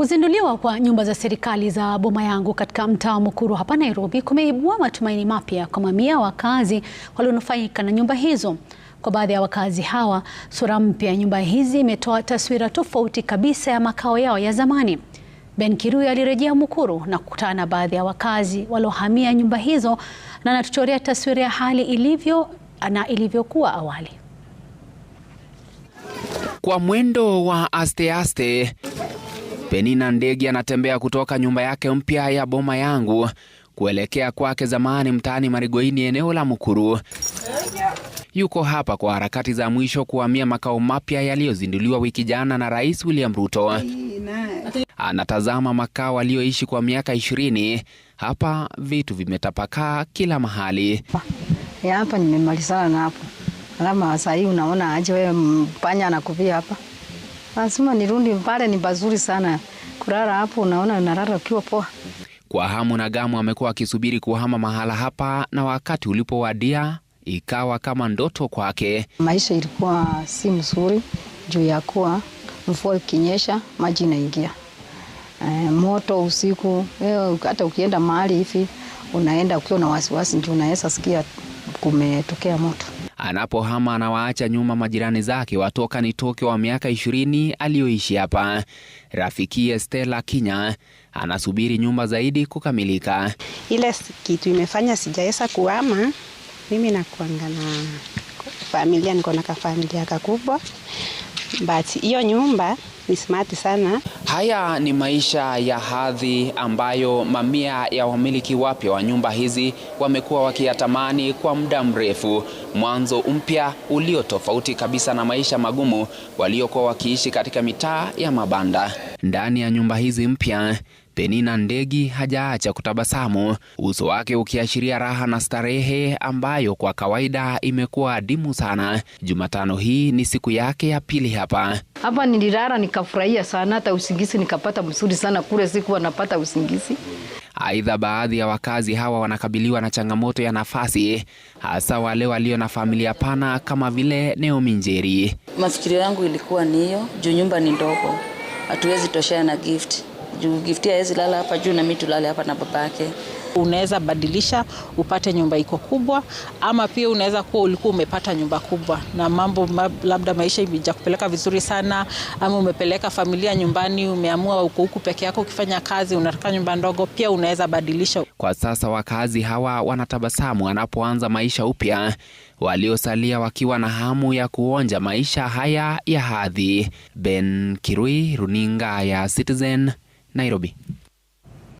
Kuzinduliwa kwa nyumba za serikali za Boma Yangu katika mtaa wa Mukuru hapa Nairobi kumeibua matumaini mapya kwa mamia wakazi walionufaika na nyumba hizo. Kwa baadhi ya wakazi hawa, sura mpya ya nyumba hizi imetoa taswira tofauti kabisa ya makao yao ya zamani. Ben Kirui alirejea Mukuru na kukutana na baadhi ya wakazi waliohamia nyumba hizo na anatuchorea taswira ya hali ilivyo na ilivyokuwa awali. Kwa mwendo wa aste aste Penina Ndegi anatembea kutoka nyumba yake mpya ya boma yangu kuelekea kwake zamani mtaani Marigoini, eneo la Mukuru. Yuko hapa kwa harakati za mwisho kuhamia makao mapya yaliyozinduliwa wiki jana na Rais William Ruto. Anatazama makao aliyoishi kwa miaka ishirini. Hapa vitu vimetapakaa kila mahali. Eh, hapa nimemalizana na hapo, alama saa hii unaona aje wewe, panya anakuvia hapa lazima nirudi pale. Ni pazuri sana kulala hapo, unaona nalala ukiwa poa. Kwa hamu na gamu amekuwa akisubiri kuhama mahala hapa, na wakati ulipowadia ikawa kama ndoto kwake. Maisha ilikuwa si mzuri juu ya kuwa mvua ikinyesha maji inaingia, e, moto usiku. Eh, hata ukienda mahali hivi unaenda ukiwa na wasiwasi, ndio unaweza sikia kumetokea moto. Anapohama anawaacha nyuma majirani zake watoka nitoke wa miaka ishirini aliyoishi hapa. Rafikie Stella Kinya anasubiri nyumba zaidi kukamilika. Ile kitu imefanya sijaweza kuhama mimi, nakuanga na familia, niko na familia kakubwa, but hiyo nyumba ni smart sana. Haya ni maisha ya hadhi ambayo mamia ya wamiliki wapya wa nyumba hizi wamekuwa wakiyatamani kwa muda mrefu, mwanzo mpya ulio tofauti kabisa na maisha magumu waliokuwa wakiishi katika mitaa ya mabanda. Ndani ya nyumba hizi mpya Penina Ndegi hajaacha kutabasamu, uso wake ukiashiria raha na starehe ambayo kwa kawaida imekuwa adimu sana. Jumatano hii ni siku yake ya pili hapa hapa. Nililala nikafurahia sana, hata usingizi nikapata mzuri sana, kule sikuwa napata usingizi. Aidha, baadhi ya wakazi hawa wanakabiliwa na changamoto ya nafasi, hasa wale walio na familia pana kama vile Naomi Njeri. Mafikirio yangu ilikuwa ni hiyo juu nyumba ni ndogo, hatuwezi toshea na gift juu Giftia hawezi lala hapa juu na mimi tulale hapa na babake. Unaweza badilisha upate nyumba iko kubwa, ama pia unaweza kuwa ulikuwa umepata nyumba kubwa na mambo labda maisha imeja kupeleka vizuri sana, ama umepeleka familia nyumbani, umeamua uko huku peke yako ukifanya kazi, unataka nyumba ndogo, pia unaweza badilisha. Kwa sasa wakazi hawa wanatabasamu wanapoanza maisha upya, waliosalia wakiwa na hamu ya kuonja maisha haya ya hadhi. Ben Kirui, runinga ya Citizen Nairobi.